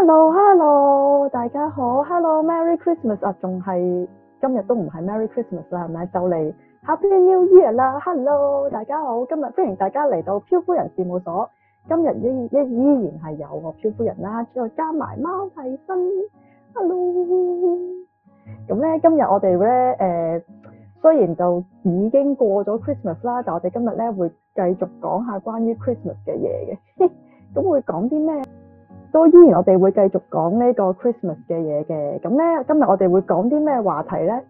Hello，Hello，Hello，大家好。Hello，Merry Christmas 啊，仲係今日都唔係 Merry Christmas 啦，係咪？就嚟 Happy New Year 啦。Hello，大家好。今日歡迎大家嚟到漂夫人事務所。今日依依然係有我漂夫人啦，再加埋貓係身 Hello，咁咧今日我哋咧誒，雖然就已經過咗 Christmas 啦，但我哋今日咧會繼續講下關於 Christmas 嘅嘢嘅。咁會講啲咩？都依然我，我哋會繼續講呢個 Christmas 嘅嘢嘅。咁咧，今日我哋會講啲咩話題咧？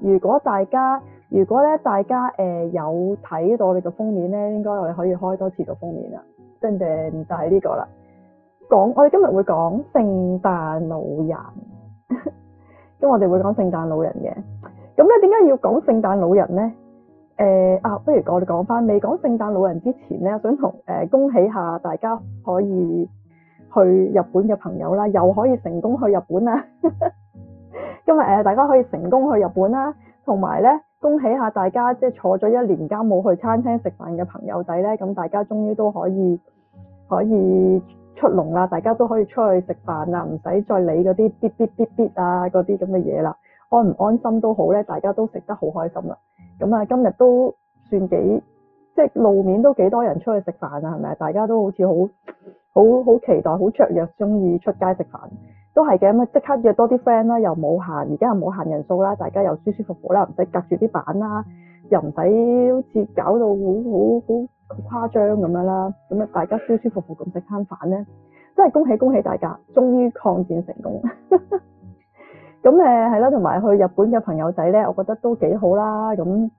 如果大家如果咧大家誒、呃、有睇到我哋嘅封面咧，應該我哋可以開多次個封面啦。噔噔就係、是、呢個啦。講我哋今日會講聖誕老人，咁 我哋會講聖誕老人嘅。咁咧，點解要講聖誕老人咧？誒、呃、啊，不如我哋講返未講聖誕老人之前咧，想同誒、呃、恭喜下大家可以。去日本嘅朋友啦，又可以成功去日本啦。 今日誒、呃，大家可以成功去日本啦，同埋咧，恭喜下大家即係坐咗一年間冇去餐廳食飯嘅朋友仔咧，咁大家終於都可以可以出籠啦，大家都可以出去食飯啦，唔使再理嗰啲嗶嗶嗶嗶啊嗰啲咁嘅嘢啦，安唔安心都好咧，大家都食得好開心啦。咁啊，今日都算幾。即係路面都幾多人出去食飯啊，係咪啊？大家都好似好好好期待、好雀躍，鍾意出街食飯都係嘅咁啊！即刻約多啲 friend 啦，又冇限，而家又冇限人數啦，大家又舒舒服服啦，唔使隔住啲板啦，又唔使好似搞到好好好誇張咁樣啦，咁啊大家舒舒服服咁食餐飯咧，真係恭喜恭喜大家，終於抗戰成功。咁誒係啦，同埋去日本嘅朋友仔咧，我覺得都幾好啦咁。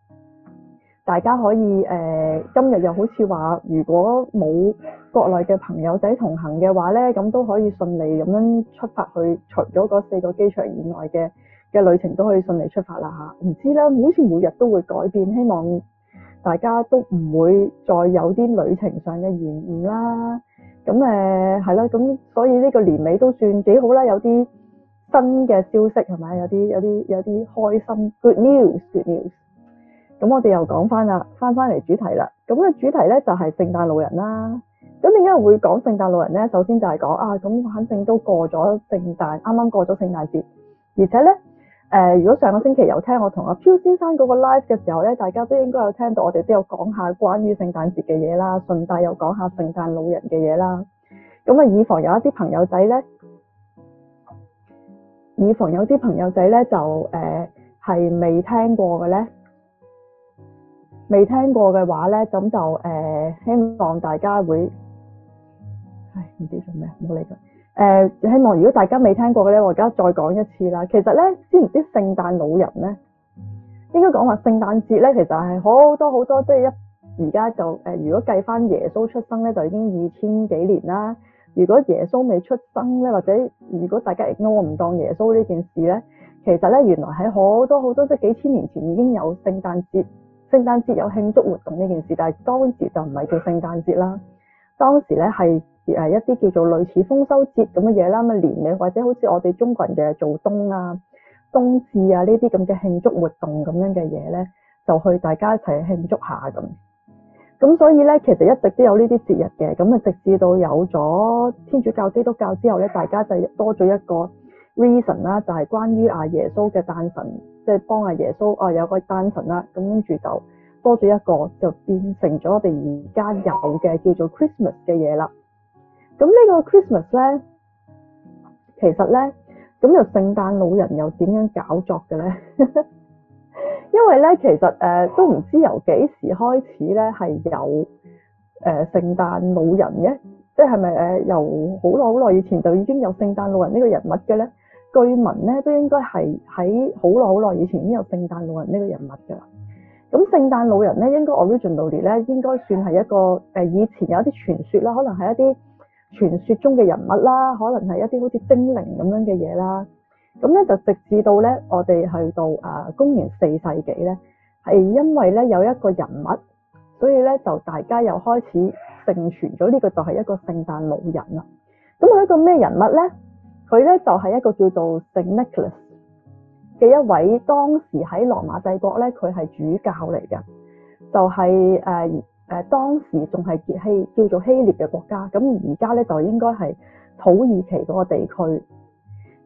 大家可以誒、呃、今日又好似話如果冇國內嘅朋友仔同行嘅話咧，咁都可以順利咁樣出發去除咗四個機場以外嘅嘅旅程都可以順利出發啦吓，唔知啦，好似每日都會改變，希望大家都唔會再有啲旅程上嘅延誤啦。咁誒係啦，咁所以呢個年尾都算幾好啦，有啲新嘅消息係咪？有啲有啲有啲開心。Good news, good news. 咁我哋又講翻啦，翻翻嚟主題啦。咁嘅主題咧就係聖誕老人啦。咁點解會講聖誕老人咧？首先就係講啊，咁反正都過咗聖誕，啱啱過咗聖誕節，而且咧誒、呃，如果上個星期有聽我同阿飄先生嗰個 live 嘅時候咧，大家都應該有聽到我哋都有講下關於聖誕節嘅嘢啦，順帶又講下聖誕老人嘅嘢啦。咁啊，以防有一啲朋友仔咧，以防有啲朋友仔咧就誒係未聽過嘅咧。未聽過嘅話咧，咁就誒、呃，希望大家會，唉，唔知做咩，唔好理佢。誒、呃，希望如果大家未聽過嘅咧，我而家再講一次啦。其實咧，知唔知聖誕老人咧，應該講話聖誕節咧，其實係好多好多，即係一而家就誒、呃，如果計翻耶穌出生咧，就已經二千幾年啦。如果耶穌未出生咧，或者如果大家亦都我唔當耶穌呢件事咧，其實咧，原來喺好多好多即係幾千年前已經有聖誕節。聖誕節有慶祝活動呢件事，但係當時就唔係叫聖誕節啦。當時咧係誒一啲叫做類似豐收節咁嘅嘢啦，咁啊年尾或者好似我哋中國人嘅做冬啊、冬至啊呢啲咁嘅慶祝活動咁樣嘅嘢咧，就去大家一齊去慶祝下咁。咁所以咧，其實一直都有呢啲節日嘅，咁啊直至到有咗天主教基督教之後咧，大家就多咗一個 reason 啦，就係關於阿耶穌嘅誕辰。即係幫阿耶穌，哦有個單純啦，跟住就多咗一個，就變成咗我哋而家有嘅叫做 Christmas 嘅嘢啦。咁呢個 Christmas 咧，其實咧，咁又聖誕老人又點樣搞作嘅咧？ 因為咧，其實誒、呃、都唔知由幾時開始咧係有誒聖誕老人嘅，即係咪誒由好耐好耐以前就已經有聖誕老人呢個人物嘅咧？據聞咧都應該係喺好耐好耐以前已經有聖誕老，老人呢個人物㗎。咁聖誕老人咧，應該 Originally 咧應該算係一個誒、呃、以前有一啲傳說啦，可能係一啲傳說中嘅人物啦，可能係一啲好似精靈咁樣嘅嘢啦。咁咧就直至到咧我哋去到啊公元四世紀咧，係因為咧有一個人物，所以咧就大家又開始盛傳咗呢個就係一個聖誕老人啦。咁佢係一個咩人物咧？佢咧就係一個叫做聖尼古拉斯嘅一位，當時喺羅馬帝國咧，佢係主教嚟嘅，就係誒誒當時仲係叫希叫做希臘嘅國家，咁而家咧就應該係土耳其嗰個地區。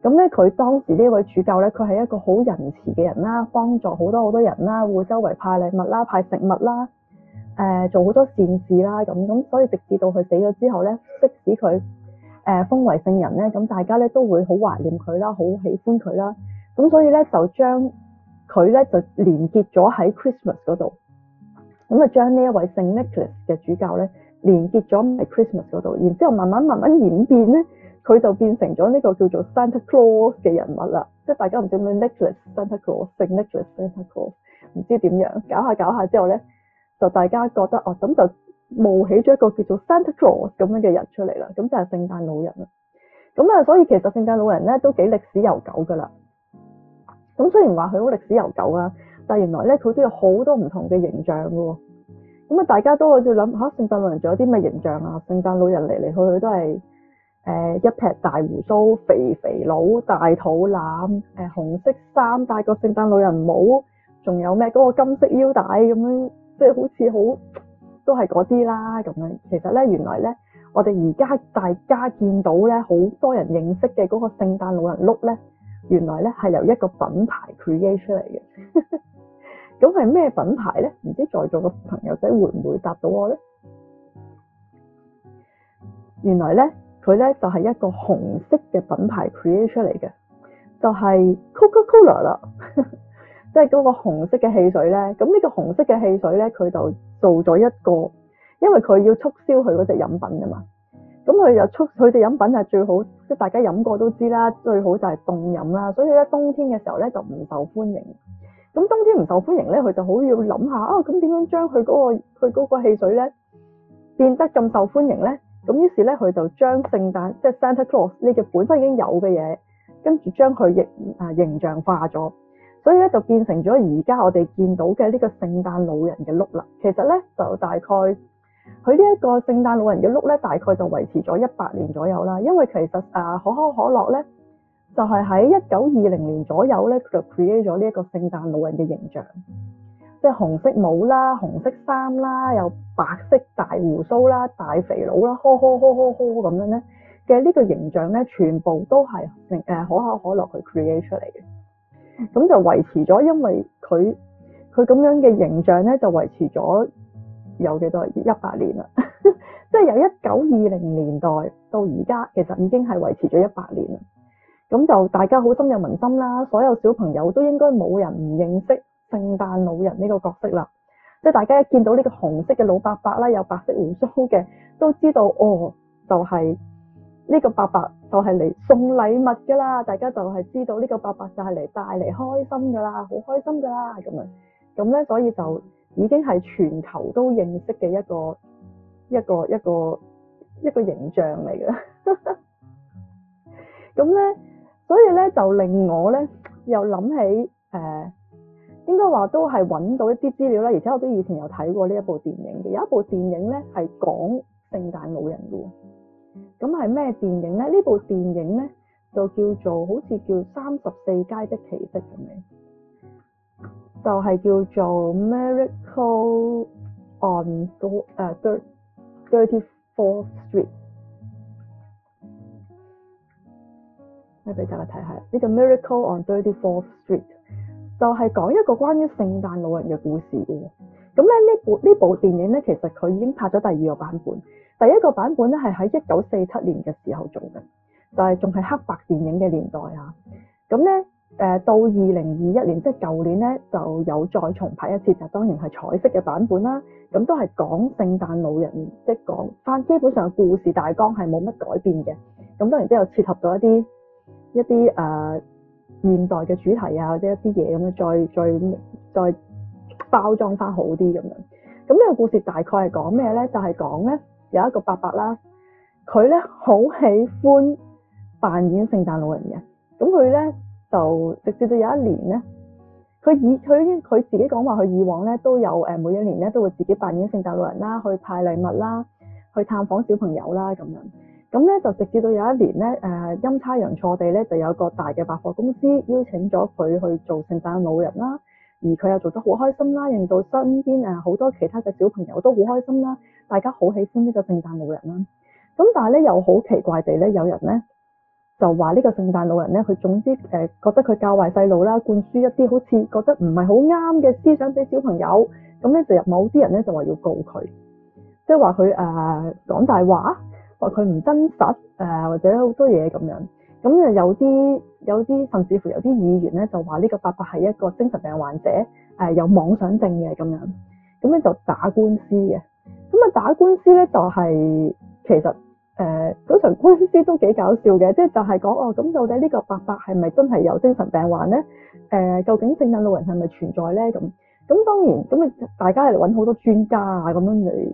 咁咧，佢當時呢一位主教咧，佢係一個好仁慈嘅人啦，幫助好多好多人啦，會周圍派禮物啦、派食物啦、呃，做好多善事啦咁咁，所以直至到佢死咗之後咧，即使佢。誒封為聖人咧，咁大家咧都會好懷念佢啦，好喜歡佢啦，咁所以咧就將佢咧就連結咗喺 Christmas 嗰度，咁啊將呢一位聖 Nicholas 嘅主教咧連結咗喺 Christmas 嗰度，然之後慢慢慢慢演變咧，佢就變成咗呢個叫做 Santa Claus 嘅人物啦，即係大家唔知咩 Nicholas Santa Claus，聖 Nicholas Santa Claus，唔知點樣搞下搞下之後咧，就大家覺得哦咁就。冒起咗一個叫做 Santa Claus 咁樣嘅人出嚟啦，咁就係聖誕老人啦。咁啊，所以其實聖誕老人咧都幾歷史悠久噶啦。咁雖然話佢好歷史悠久啊，但原來咧佢都有好多唔同嘅形象噶、哦、喎。咁啊，大家都喺度諗吓，啊、聖誕老人仲有啲咩形象啊？聖誕老人嚟嚟去去都係誒、呃、一撇大鬍鬚、肥肥佬、大肚腩、誒、呃、紅色衫、戴個聖誕老人帽，仲有咩嗰、嗰個金色腰帶咁樣，即係好似好。都係嗰啲啦，咁樣其實咧，原來咧，我哋而家大家見到咧，好多人認識嘅嗰個聖誕老人碌咧，原來咧係由一個品牌 create 出嚟嘅。咁係咩品牌咧？唔知在座嘅朋友仔會唔會答到我咧？原來咧，佢咧就係、是、一個紅色嘅品牌 create 出嚟嘅，就係、是、Coca-Cola 啦。 即係嗰個紅色嘅汽水咧，咁呢個紅色嘅汽水咧，佢就做咗一個，因為佢要促銷佢嗰隻飲品㗎嘛。咁佢就促佢哋飲品係最好，即係大家飲過都知啦，最好就係凍飲啦。所以咧冬天嘅時候咧就唔受歡迎。咁冬天唔受歡迎咧，佢就好要諗下啊，咁點樣將佢嗰個佢嗰個汽水咧變得咁受歡迎咧？咁於是咧佢就將聖誕即係 Santa Claus 呢個本身已經有嘅嘢，跟住將佢形啊形象化咗。所以咧就變成咗而家我哋見到嘅呢個聖誕老人嘅碌啦。其實咧就大概佢呢一個聖誕老人嘅碌咧，大概就維持咗一百年左右啦。因為其實啊可口可樂咧就係喺一九二零年左右佢就 create 咗呢一個聖誕老人嘅形象，即係紅色帽啦、紅色衫啦、有白色大鬍鬚啦、大肥佬啦、呵呵呵呵呵咁樣咧嘅呢個形象咧，全部都係誒可口可樂去 create 出嚟嘅。咁就維持咗，因為佢佢咁樣嘅形象咧，就維持咗有幾多一百年啦， 即係由一九二零年代到而家，其實已經係維持咗一百年啦。咁就大家好深入民心啦，所有小朋友都應該冇人唔認識聖誕老人呢個角色啦。即係大家一見到呢個紅色嘅老伯伯啦，有白色胡鬚嘅，都知道哦，就係、是。呢個伯伯就係嚟送禮物㗎啦，大家就係知道呢個伯伯就係嚟帶嚟開心㗎啦，好開心㗎啦咁樣，咁咧所以就已經係全球都認識嘅一個一個一個一個形象嚟嘅。咁 咧，所以咧就令我咧又諗起誒、呃，應該話都係揾到一啲資料啦，而且我都以前有睇過呢一部電影嘅，有一部電影咧係講聖誕老人嘅喎。咁係咩電影咧？呢部電影咧就叫做好似叫《三十四街的奇蹟》咁嘅，就係叫做《Miracle on 34誒，thirty-fourth Street。我俾大家睇下呢個《Miracle on Thirty-fourth Street》，就係講一個關於聖誕老人嘅故事嘅。咁咧呢部呢部電影咧，其實佢已經拍咗第二個版本。第一個版本咧係喺一九四七年嘅時候做嘅，就係仲係黑白電影嘅年代啊。咁咧誒，到二零二一年，即係舊年咧，就有再重拍一次，就當然係彩色嘅版本啦。咁都係講聖誕老人，即係講翻基本上故事大綱係冇乜改變嘅。咁當然都有切合到一啲一啲誒、呃、現代嘅主題啊，或者一啲嘢咁樣再再再包裝翻好啲咁樣。咁呢個故事大概係講咩咧？就係講咧。有一個伯伯啦，佢咧好喜歡扮演聖誕老人嘅，咁佢咧就直至到有一年咧，佢以佢佢自己講話，佢以往咧都有誒每一年咧都會自己扮演聖誕老人啦，去派禮物啦，去探訪小朋友啦咁樣，咁咧就直至到有一年咧誒陰差陽錯地咧就有一個大嘅百貨公司邀請咗佢去做聖誕老人啦，而佢又做得好開心啦，令到身邊誒好多其他嘅小朋友都好開心啦。大家好喜歡呢個聖誕老人啦。咁但係咧，又好奇怪地咧，有人咧就話呢個聖誕老人咧，佢總之誒覺得佢教壞細路啦，灌輸一啲好似覺得唔係好啱嘅思想俾小朋友。咁咧就有某啲人咧就話要告佢，即係話佢誒講大話，話佢唔真實誒、呃，或者好多嘢咁樣。咁啊有啲有啲，甚至乎有啲議員咧就話呢個爸爸係一個精神病患者，誒、呃、有妄想症嘅咁樣。咁咧就打官司嘅。咁啊，打官司咧就係、是、其實誒，嗰、呃、場官司都幾搞笑嘅，即係就係、是、講哦，咁到底呢個伯伯係咪真係有精神病患咧？誒、呃，究竟聖誕老人係咪存在咧？咁咁當然咁啊，大家嚟搵好多專家啊，咁樣嚟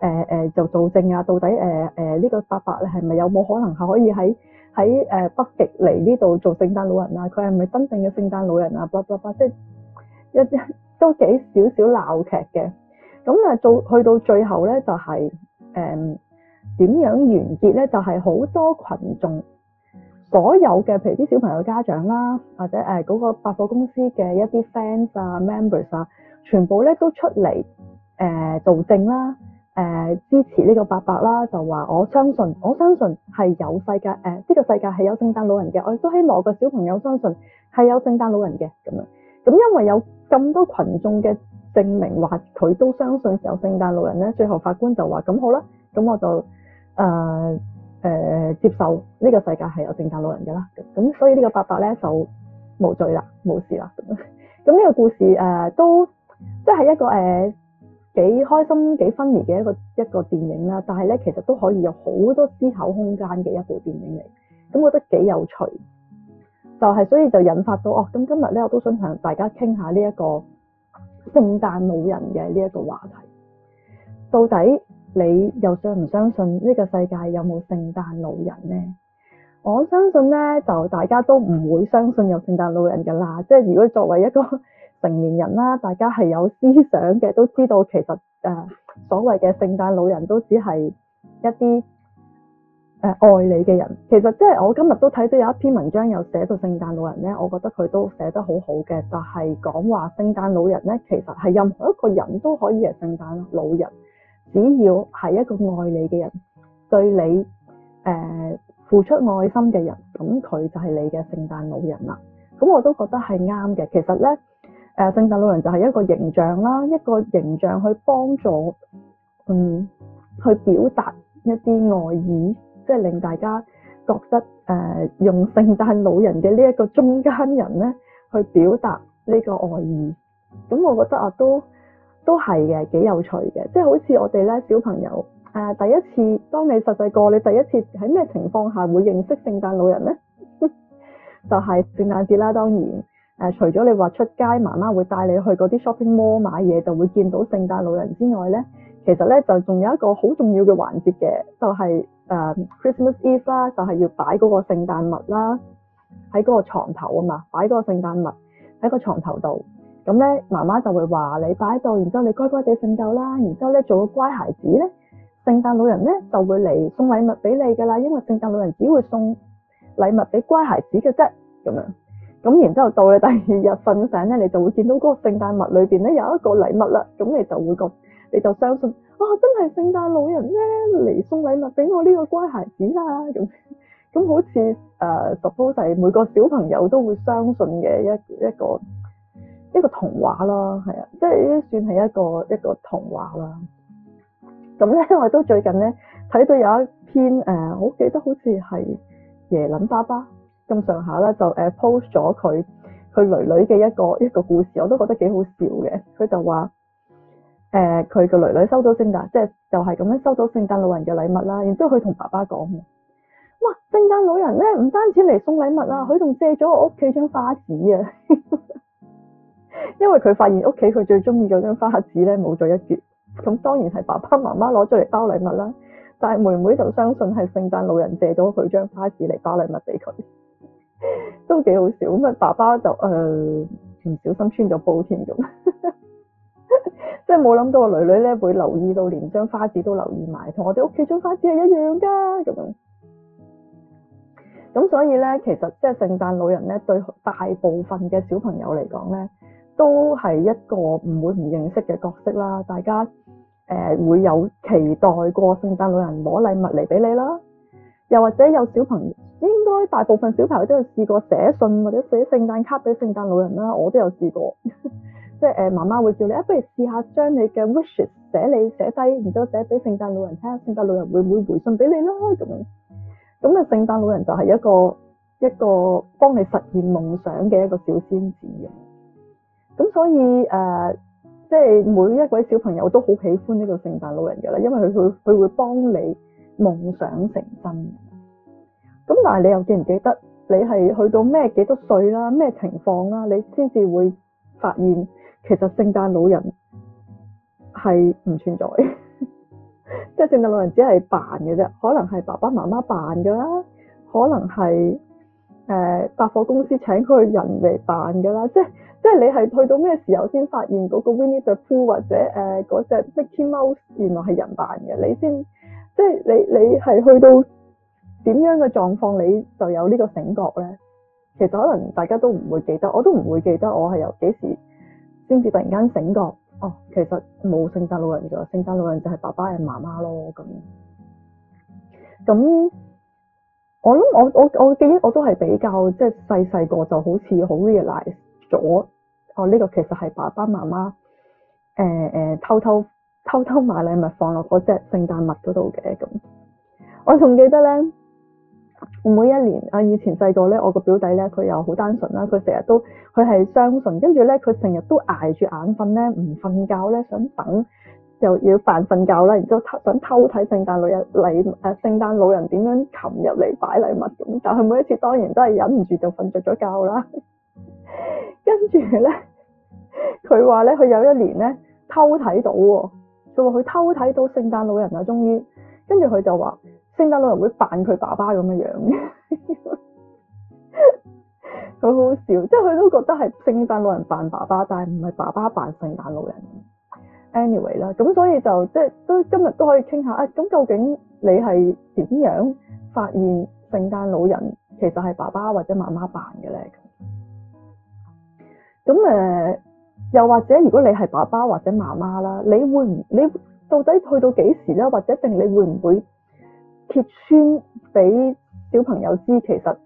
誒誒，就做證啊，到底誒誒呢個伯伯咧係咪有冇可能係可以喺喺誒北極嚟呢度做聖誕老人啊？佢係咪真正嘅聖誕老人啊？叭叭，即係一都幾少少鬧劇嘅。咁啊，到去到最後咧，就係誒點樣完結咧？就係、是、好多群眾所有嘅譬如啲小朋友家長啦，或者誒個百貨公司嘅一啲 fans 啊、members 啊，全部咧都出嚟誒做證啦，誒、呃、支持呢個伯伯啦，就話我相信，我相信係有世界誒呢、呃這個世界係有聖誕老人嘅，我亦都希望個小朋友相信係有聖誕老人嘅咁樣，咁因為有咁多群眾嘅。證明話佢都相信有聖誕老人咧，最後法官就話：咁好啦，咁我就誒誒、呃呃、接受呢個世界係有聖誕老人嘅啦。咁所以呢個伯伯咧就無罪啦，冇事啦。咁 呢個故事誒、呃、都即係一個誒幾、呃、開心幾 funny 嘅一個一個電影啦。但係咧，其實都可以有好多思考空間嘅一部電影嚟。咁覺得幾有趣，就係、是、所以就引發到哦。咁今日咧，我都想同大家傾下呢、這、一個。聖誕老人嘅呢一個話題，到底你又相唔相信呢個世界有冇聖誕老人呢？我相信咧，就大家都唔會相信有聖誕老人㗎喇。即係如果作為一個成年人啦，大家係有思想嘅，都知道其實誒、呃、所謂嘅聖誕老人都只係一啲。誒愛你嘅人，其實即係我今日都睇到有一篇文章有寫，有寫到聖誕老人咧，我覺得佢都寫得好好嘅，就係講話聖誕老人咧，其實係任何一個人都可以係聖誕老人，只要係一個愛你嘅人，對你誒、呃、付出愛心嘅人，咁佢就係你嘅聖誕老人啦。咁我都覺得係啱嘅。其實咧，誒聖誕老人就係一個形象啦，一個形象去幫助，嗯，去表達一啲愛意。即係令大家覺得誒用聖誕老人嘅呢一個中間人咧，去表達呢個愛意，咁我覺得啊都都係嘅，幾有趣嘅。即係好似我哋咧小朋友誒、呃、第一次，當你實際過你第一次喺咩情況下會認識聖誕老人咧？ 就係聖誕節啦，當然誒、呃，除咗你話出街，媽媽會帶你去嗰啲 shopping mall 買嘢，就會見到聖誕老人之外咧。其實咧，就仲有一個好重要嘅環節嘅，就係、是、誒、呃、Christmas Eve 啦，就係要擺嗰個聖誕物啦，喺嗰個床頭啊嘛，擺嗰個聖誕物喺個床頭度。咁咧，媽、嗯、媽就會話你擺到，然之後你乖乖地瞓覺啦，然之後咧做個乖孩子咧，聖誕老人咧就會嚟送禮物俾你噶啦，因為聖誕老人只會送禮物俾乖孩子嘅啫，咁樣。咁然之後到你第二日瞓醒咧，你就會見到嗰個聖誕物裏面咧有一個禮物啦，咁你就會覺。你就相信啊、哦！真係聖誕老人咧嚟送禮物俾我呢個乖孩子啦、啊、咁，咁、嗯嗯嗯嗯、好似 p、呃、好多就係每個小朋友都會相信嘅一一個一個，一個童話啦，係啊，即係算係一個一個童話啦。咁咧，我都最近咧睇到有一篇誒、呃，我記得好似係爺諗爸爸咁上下啦就 post 咗佢佢囡囡嘅一個一個故事，我都覺得幾好笑嘅。佢就話。誒，佢個、呃、女女收到聖誕，即係就係、是、咁樣收到聖誕老人嘅禮物啦。然之後佢同爸爸講：，哇，聖誕老人咧唔單止嚟送禮物啦，佢仲借咗我屋企張花紙啊！ 因為佢發現屋企佢最中意嗰張花紙咧冇咗一截，咁當然係爸爸媽媽攞咗嚟包禮物啦。但係妹妹就相信係聖誕老人借咗佢張花紙嚟包禮物俾佢，都幾好笑咁啊！爸爸就誒、唔、呃、小心穿咗布添咁。 即係冇諗到個女女咧會留意到連張花紙都留意埋，同我哋屋企張花紙係一樣噶咁樣。咁所以咧，其實即係聖誕老人咧，對大部分嘅小朋友嚟講咧，都係一個唔會唔認識嘅角色啦。大家誒、呃、會有期待過聖誕老人攞禮物嚟俾你啦，又或者有小朋友應該大部分小朋友都有試過寫信或者寫聖誕卡俾聖誕老人啦。我都有試過。即係媽媽會叫你，啊、不如試下將你嘅 wishes 寫你寫低，然之後寫俾聖誕老人聽，聖誕老人會唔會回信俾你啦？咁樣咁啊，聖誕老人就係一個一個幫你實現夢想嘅一個小仙子。咁所以、呃、即係每一位小朋友都好喜歡呢個聖誕老人㗎啦，因為佢佢佢會幫你夢想成真。咁但係你又記唔記得你係去到咩幾多歲啦？咩情況啦？你先至會發現。其實聖誕老人係唔存在嘅， 即係聖誕老人只係扮嘅啫。可能係爸爸媽媽扮㗎啦，可能係誒、呃、百貨公司請佢人嚟扮㗎啦。即係即係你係去到咩時候先發現嗰個 Winnie the Pooh 或者誒嗰、呃、隻 Mickey Mouse 原來係人扮嘅？你先即係你你係去到點樣嘅狀況，你就有呢個醒覺咧？其實可能大家都唔會記得，我都唔會記得我係由幾時。先至突然間醒覺，哦，其實冇聖誕老人嘅，聖誕老人就係爸爸係媽媽咯咁。咁我諗我我我記憶我都係比較即係細細個就好似好 realize 咗，哦呢、這個其實係爸爸媽媽誒誒、呃呃、偷偷偷偷買禮物放落嗰隻聖誕襪嗰度嘅咁。我仲記得咧。每一年啊，以前細個咧，我個表弟咧，佢又好單純啦，佢成日都佢係相信，跟住咧，佢成日都挨住眼瞓咧，唔瞓覺咧，想等又要扮瞓覺啦，然之後想偷睇聖誕老人禮誒，聖誕老人點樣擒入嚟擺禮物咁。但係佢每一次當然都係忍唔住就瞓着咗覺啦。跟住咧，佢話咧，佢有一年咧偷睇到，佢話佢偷睇到聖誕老人啊，終於跟住佢就話。聖誕老人會扮佢爸爸咁嘅樣嘅，好 好笑。即係佢都覺得係聖誕老人扮爸爸，但係唔係爸爸扮聖誕老人。Anyway 啦，咁所以就即係都今日都可以傾下啊。咁、哎、究竟你係點樣發現聖誕老人其實係爸爸或者媽媽扮嘅咧？咁誒、呃，又或者如果你係爸爸或者媽媽啦，你會唔你到底去到幾時咧？或者定你會唔會？揭穿俾小朋友知，其實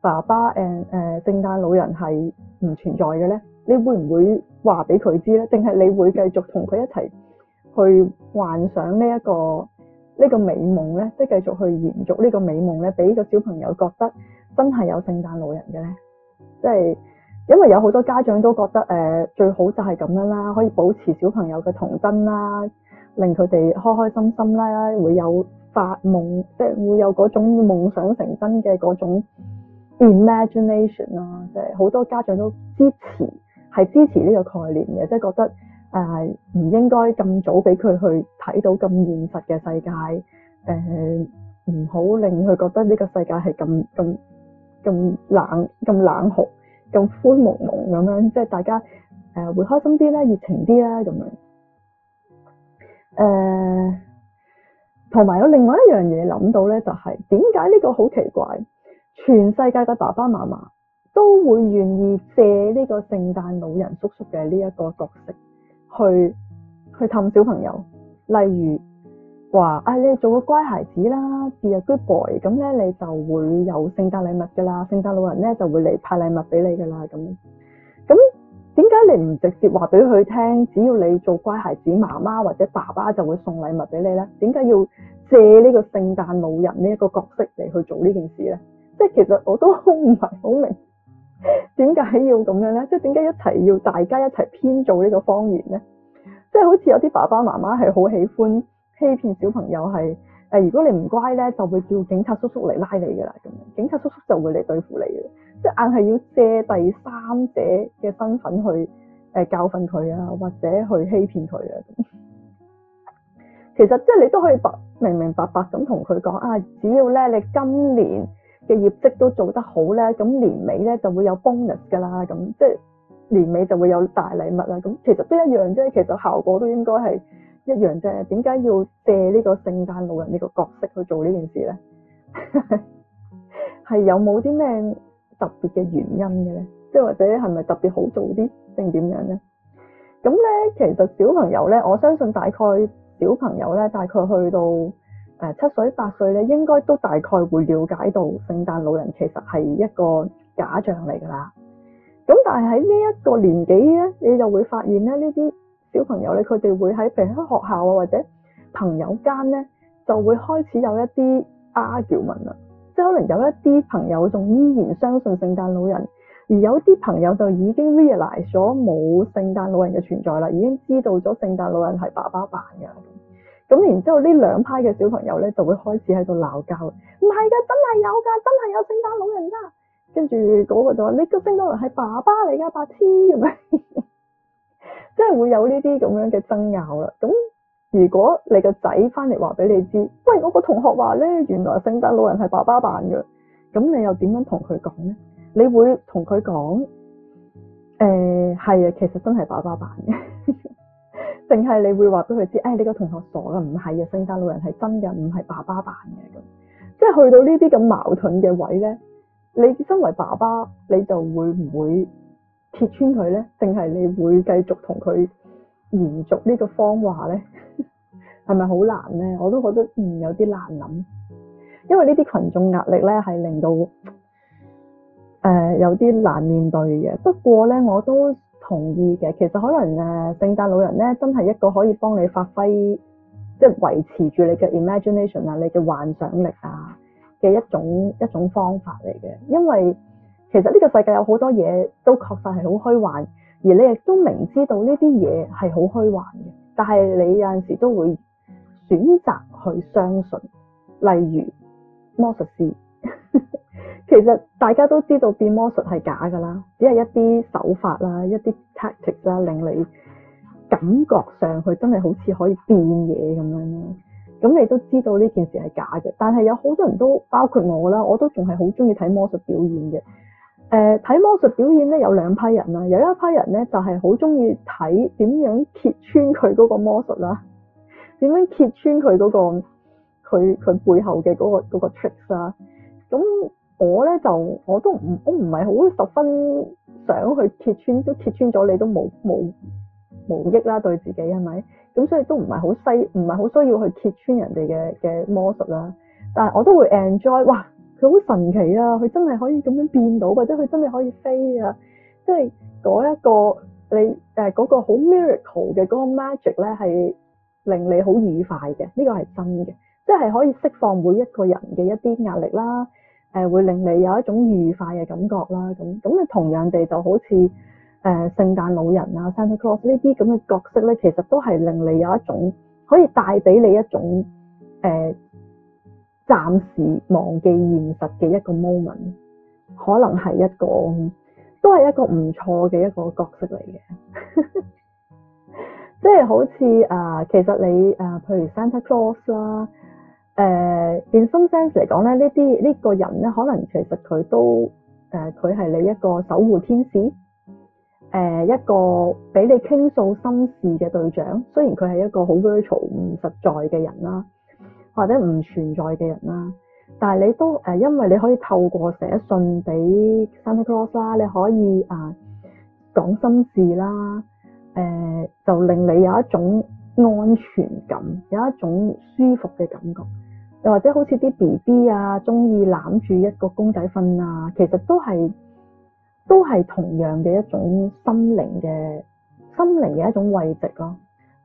爸爸誒誒聖誕老人係唔存在嘅咧，你會唔會話俾佢知咧？定係你會繼續同佢一齊去幻想呢一個呢個美夢咧，即係繼續去延續呢個美夢咧，俾個小朋友覺得真係有聖誕老人嘅咧。即係因為有好多家長都覺得誒最好就係咁樣啦，可以保持小朋友嘅童真啦，令佢哋開開心心啦，會有。發夢即係會有嗰種夢想成真嘅嗰種 imagination 啊，即係好多家長都支持，係支持呢個概念嘅，即係覺得誒唔、呃、應該咁早俾佢去睇到咁現實嘅世界，誒、呃、唔好令佢覺得呢個世界係咁咁咁冷、咁冷酷、咁灰濛濛咁樣，即係大家誒、呃、會開心啲啦、熱情啲啦咁樣誒。呃同埋有另外一樣嘢諗到咧，就係點解呢個好奇怪？全世界嘅爸爸媽媽都會願意借呢個聖誕老人叔叔嘅呢一個角色去去氹小朋友，例如話：啊你做個乖孩子啦，be a good boy，咁咧你就會有聖誕禮物噶啦，聖誕老人咧就會嚟派禮物俾你噶啦，咁。點解你唔直接話俾佢聽，只要你做乖孩子，媽媽或者爸爸就會送禮物俾你咧？點解要借呢個聖誕老人呢一個角色嚟去做呢件事咧？即係其實我都好唔係好明點解要咁樣咧，即係點解一齊要大家一齊編造呢個謊言咧？即係好似有啲爸爸媽媽係好喜歡欺騙小朋友係，誒如果你唔乖咧，就會叫警察叔叔嚟拉你㗎啦，咁樣警察叔叔就會嚟對付你嘅。即硬係要借第三者嘅身份去誒、呃、教訓佢啊，或者去欺騙佢啊。其實即係你都可以白明明白白咁同佢講啊，只要咧你今年嘅業績都做得好咧，咁年尾咧就會有 bonus 㗎啦。咁即係年尾就會有大禮物啦。咁其實都一樣啫，其實效果都應該係一樣啫。點解要借呢個聖誕老人呢個角色去做呢件事咧？係 有冇啲咩？特別嘅原因嘅咧，即係或者係咪特別好做啲定點樣咧？咁咧，其實小朋友咧，我相信大概小朋友咧，大概去到誒七歲八歲咧，應該都大概會了解到聖誕老人其實係一個假象嚟㗎啦。咁但係喺呢一個年紀咧，你就會發現咧，呢啲小朋友咧，佢哋會喺譬如喺學校啊或者朋友間咧，就會開始有一啲謠謠聞啦。即可能有一啲朋友仲依然相信聖誕老人，而有啲朋友就已經 realise 咗冇聖誕老人嘅存在啦，已經知道咗聖誕老人係爸爸扮嘅。咁然之後呢兩派嘅小朋友咧，就會開始喺度鬧交。唔係㗎，真係有㗎，真係有聖誕老人㗎。跟住嗰個就話：你個聖誕老人係爸爸嚟㗎，白痴咁樣。 真係會有呢啲咁樣嘅爭拗啦，咁。如果你個仔翻嚟話俾你知，喂，我個同學話咧，原來聖誕老人係爸爸扮嘅，咁你又點樣同佢講咧？你會同佢講，誒、呃，係啊，其實真係爸爸扮嘅，定 係你會話俾佢知，誒、哎，呢個同學傻噶，唔係嘅，聖誕老人係真嘅，唔係爸爸扮嘅，咁，即係去到呢啲咁矛盾嘅位咧，你身為爸爸，你就會唔會揭穿佢咧？定係你會繼續同佢？延續這個方呢個謊話咧，係咪好難咧？我都覺得嗯有啲難諗，因為呢啲群眾壓力咧係令到誒、呃、有啲難面對嘅。不過咧，我都同意嘅。其實可能誒、呃、聖誕老人咧真係一個可以幫你發揮，即、就、係、是、維持住你嘅 imagination 啊，你嘅幻想力啊嘅一種一種方法嚟嘅。因為其實呢個世界有好多嘢都確實係好虛幻。而你亦都明知道呢啲嘢係好虛幻嘅，但係你有陣時都會選擇去相信。例如魔術師， 其實大家都知道變魔術係假噶啦，只係一啲手法啦、一啲 tactics 啦，令你感覺上去真係好似可以變嘢咁樣啦。咁你都知道呢件事係假嘅，但係有好多人都，包括我啦，我都仲係好中意睇魔術表演嘅。誒睇、呃、魔術表演咧，有兩批人啦。有一批人咧，就係好中意睇點樣揭穿佢嗰個魔術啦，點樣揭穿佢嗰、嗰個佢佢背後嘅嗰、嗰個嗰 tricks、嗰個、啦。咁、嗯、我咧就我都唔我唔係好十分想去揭穿，都揭穿咗你都冇冇冇益啦，對自己係咪？咁、嗯、所以都唔係好西，唔係好需要去揭穿人哋嘅嘅魔術啦。但係我都會 enjoy，哇！佢好神奇啊！佢真係可以咁樣變到，或者佢真係可以飛啊！即係嗰一個你誒嗰、呃那個好 miracle 嘅嗰個 magic 咧，係令你好愉快嘅。呢、這個係真嘅，即係可以釋放每一個人嘅一啲壓力啦。誒、呃、會令你有一種愉快嘅感覺啦。咁咁，你同樣地就好似誒、呃、聖誕老人啊、Santa Claus 呢啲咁嘅角色咧，其實都係令你有一種可以帶俾你一種誒。呃暫時忘記現實嘅一個 moment，可能係一個都係一個唔錯嘅一個角色嚟嘅，即 係好似、呃、其實你啊，譬、呃、如 Santa Claus 啦，誒、呃，in some sense 嚟講咧，呢啲呢個人咧，可能其實佢都誒，佢、呃、係你一個守護天使，呃、一個俾你傾訴心事嘅對象，雖然佢係一個好 virtual 唔實在嘅人啦。或者唔存在嘅人啦，但係你都誒、呃，因為你可以透過寫信俾 Santa Claus 啦，你可以啊、呃、講心事啦，誒、呃，就令你有一種安全感，有一種舒服嘅感覺，又或者好似啲 BB 啊，中意攬住一個公仔瞓啊，其實都係都係同樣嘅一種心靈嘅心靈嘅一種慰藉咯，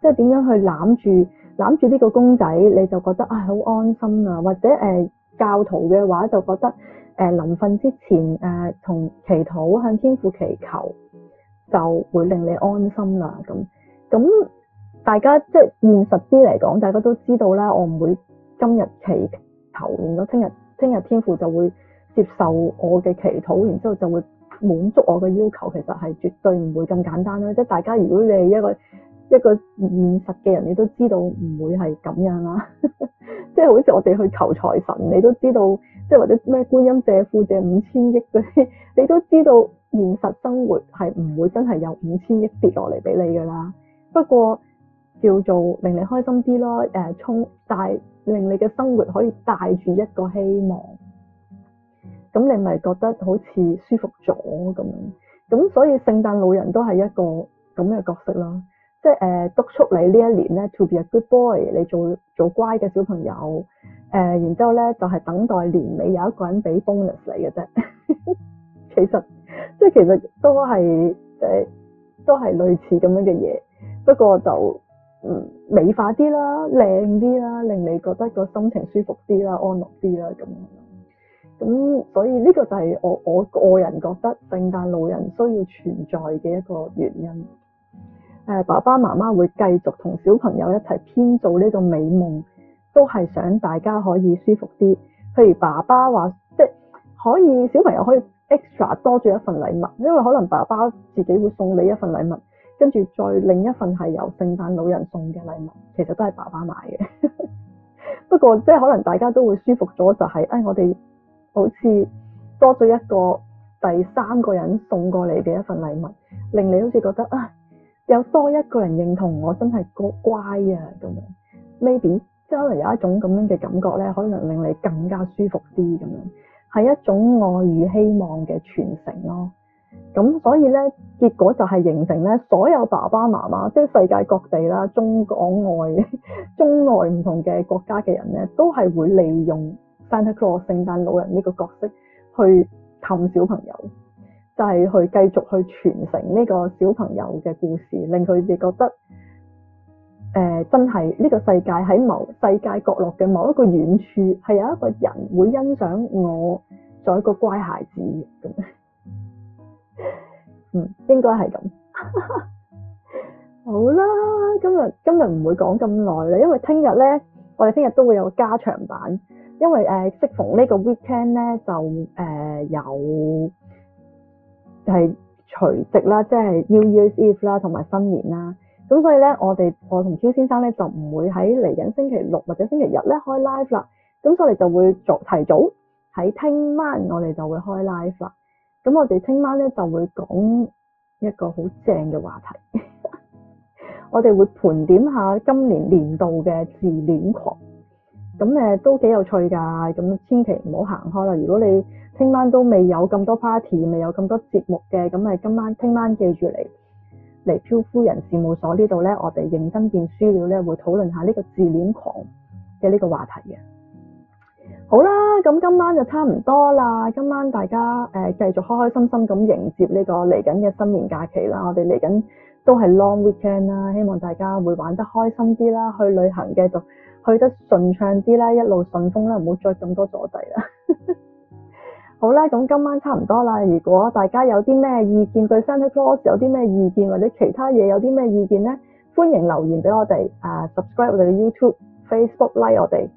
即係點樣去攬住。攬住呢個公仔你就覺得啊好、哎、安心啦、啊，或者、呃、教徒嘅話就覺得誒臨瞓之前誒同、呃、祈禱向天父祈求就會令你安心啦、啊、咁。咁大家即係現實啲嚟講，大家都知道啦，我唔會今日祈禱，咁樣聽日聽日天父就會接受我嘅祈禱，然之後就會滿足我嘅要求。其實係絕對唔會咁簡單啦、啊。即係大家如果你係一個一個現實嘅人，你都知道唔會係咁樣啦。 即係好似我哋去求財神，你都知道，即係或者咩觀音借庫借五千億嗰啲，你都知道現實生活係唔會真係有五千億跌落嚟俾你噶啦。不過叫做令你開心啲咯，誒、呃，充帶令你嘅生活可以帶住一個希望，咁你咪覺得好似舒服咗咁樣。咁所以聖誕老人都係一個咁嘅角色啦。即係誒，督促你呢一年咧，to be a good boy，你做做乖嘅小朋友，誒，然之後咧就係等待年尾有一個人俾 bonus 你嘅啫。其實即係其實都係誒，uh, 都係類似咁樣嘅嘢，不過就嗯美化啲啦，靚啲啦，令你覺得個心情舒服啲啦，安樂啲啦咁樣。咁所以呢個就係我我個人覺得聖誕老人需要存在嘅一個原因。誒，爸爸媽媽會繼續同小朋友一齊編造呢個美夢，都係想大家可以舒服啲。譬如爸爸話，即係可以小朋友可以 extra 多咗一份禮物，因為可能爸爸自己會送你一份禮物，跟住再另一份係由聖誕老人送嘅禮物，其實都係爸爸買嘅。 不過即係可能大家都會舒服咗，就係、是哎、我哋好似多咗一個第三個人送過嚟嘅一份禮物，令你好似覺得啊～、哎有多一個人認同我真係乖啊，咁樣，maybe 即係可能有一種咁樣嘅感覺咧，可能令你更加舒服啲咁樣，係一種愛與希望嘅傳承咯。咁所以咧，結果就係形成咧，所有爸爸媽媽即係世界各地啦，中港外、中外唔同嘅國家嘅人咧，都係會利用 Santa Claus 聖誕老人呢個角色去氹小朋友。就係去繼續去傳承呢個小朋友嘅故事，令佢哋覺得誒、呃、真係呢、呢個世界喺某世界角落嘅某一個遠處係有一個人會欣賞我做一個乖孩子咁。 嗯，應該係咁 好啦。今日今日唔會講咁耐啦，因為聽日咧，我哋聽日都會有個加長版，因為誒、呃、適逢呢個呢個 weekend 咧，就誒、呃、有。係除夕啦，即係 New Year's Eve 啦，同埋新年啦。咁所以咧，我哋我同 Q 先生咧就唔會喺嚟緊星期六或者星期日咧開 live 啦。咁所以就會早提早喺聽晚，我哋就會開 live 啦。咁我哋聽晚咧就會講一個好正嘅話題。 我哋會盤點下今年年度嘅自戀狂。咁誒、呃、都幾有趣㗎。咁千祈唔好行開啦。如果你聽晚都未有咁多 party，未有咁多節目嘅，咁咪今晚聽晚記住嚟嚟漂夫人事務所呢度咧。我哋認真見資了咧，會討論下呢個自戀狂嘅呢個話題嘅。好啦，咁今晚就差唔多啦。今晚大家誒繼、呃、續開開心心咁迎接呢個嚟緊嘅新年假期啦。我哋嚟緊都係 long weekend 啦，希望大家會玩得開心啲啦，去旅行繼續去得順暢啲啦，一路順風啦，唔好再咁多阻滯啦。 好啦，咁今晚差唔多啦。如果大家有啲咩意見，對 Santa Claus 有啲咩意見，或者其他嘢有啲咩意見咧，歡迎留言俾我哋。啊、呃、，subscribe 我哋嘅 YouTube、Facebook like 我哋。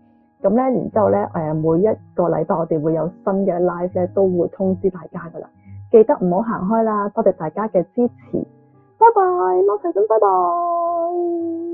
咁咧，然之後咧、呃，每一個禮拜我哋會有新嘅 live 咧，都會通知大家噶啦。記得唔好行開啦，多謝大家嘅支持。拜拜 Monica，拜拜。